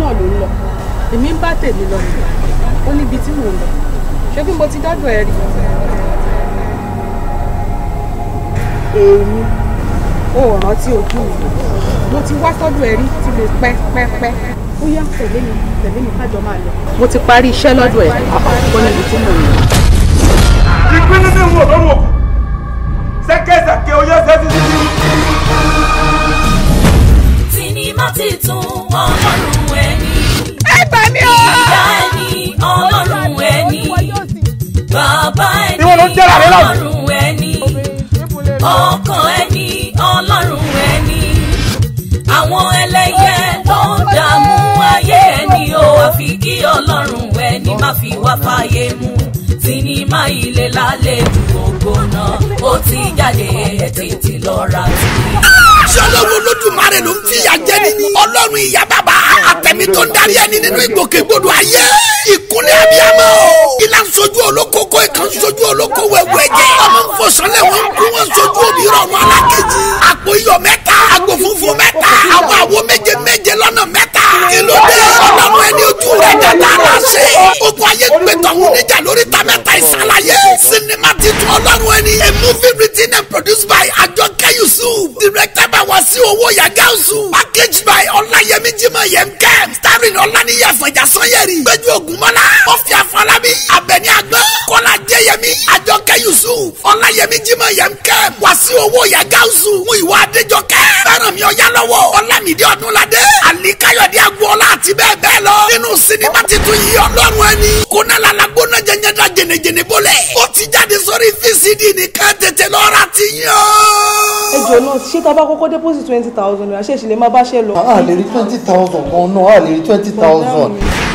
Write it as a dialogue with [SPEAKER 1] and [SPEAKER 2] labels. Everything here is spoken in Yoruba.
[SPEAKER 1] náà ló ń lọ èmi ń bá tèmi lọ ó níbi tí mò ń lọ ṣé bí mo ti dọ́dọ̀ ẹ rí èmi ò rántí ojú mi mo ti wá sọ́dọ̀ ẹ rí tí mi pẹ́ pẹ́ pẹ́ ó yá tẹ̀lé mi tẹ̀lé mi kájọ máa lọ. mo ti parí iṣẹ́ lọ́dọ̀ ẹ̀ ó níbi tí mò ń lọ. ìpínlẹ̀ ní ìwọ̀n
[SPEAKER 2] lọ́rùn òkú ṣẹ́kẹ́ṣẹ̀kẹ́ oyè ṣẹ́ títí.
[SPEAKER 1] sinimá ti tún ọlọ́run gbà mí o. ìyá ẹni ọlọ́run ẹni bàbá ẹni ọlọ́run ẹni ọkọ ẹni ọlọ́run ẹni àwọn ẹlẹ́yẹ ló dààmú ayé ẹni o àfi kí ọlọ́run ẹni má fi wá fàyè mu sinimá ilé lálẹ́ ògbóná ó ti jáde ẹ̀ tètè lọ́ra tì í
[SPEAKER 2] rẹ̀ ló ń fìyà jẹ nínú. ọlọ́run ìyá bàbá àtẹ̀mí tó ń darí ẹni nínú ìgbòkègbodò ayé. ìkúnlẹ̀ abiyamọ. iná ń sojú olókoko ìkan sojú olóko wẹ̀wẹ̀ jẹ́. ọmọ ń fòsànlẹ̀ wọn kú wọn sojú omi rọrùn alákejì. àpò iyọ̀ mẹ́ta àgbò funfun mẹ́ta àwọn àwo méje méje lọ́nà mẹ́ta. kí ọlọ́run ẹni ojú rẹ̀ dàda aláṣẹ. ogun ayé gbẹtọ̀ ọ̀hún kọ sí owó yẹ gáúsù. package by ọláyẹmí jimá yẹn kẹ́. starring ọláníyẹ fẹjà sanyẹri. gbẹjú ògúnmọ́lá. ọ̀fíà fọlábí. abẹni àgbọn. kọ́lá jẹyẹmí. àjọkẹ́ yusuf. ọláyẹmí jimá yẹn kẹ́. wá sí owó yẹ gáúsù. mú ìwà adéjọkẹ́. fẹ́ràn mi ọ̀yá lọ́wọ́. ọlámídé ọdúnládé. àlíkáyọ̀dé agboola àti bẹ́ẹ̀ bẹ́ẹ̀ lọ. nínú sinimá titun yìí ọlọ́run ẹni. kónálà la gbóná jẹjẹrẹ jẹnẹjẹnẹ bọ́lẹ̀. ó ti jáde sórí fcd nìkan tètè lọ́ra ti yàn
[SPEAKER 1] ẹjọ náà ṣé tá a bá kọ́kọ́ deposit twenty thousand naira ṣé ìṣẹ̀lẹ̀ máa bá ṣẹ́ lọ. a lè rí twenty thousand kan náà a lè rí twenty thousand.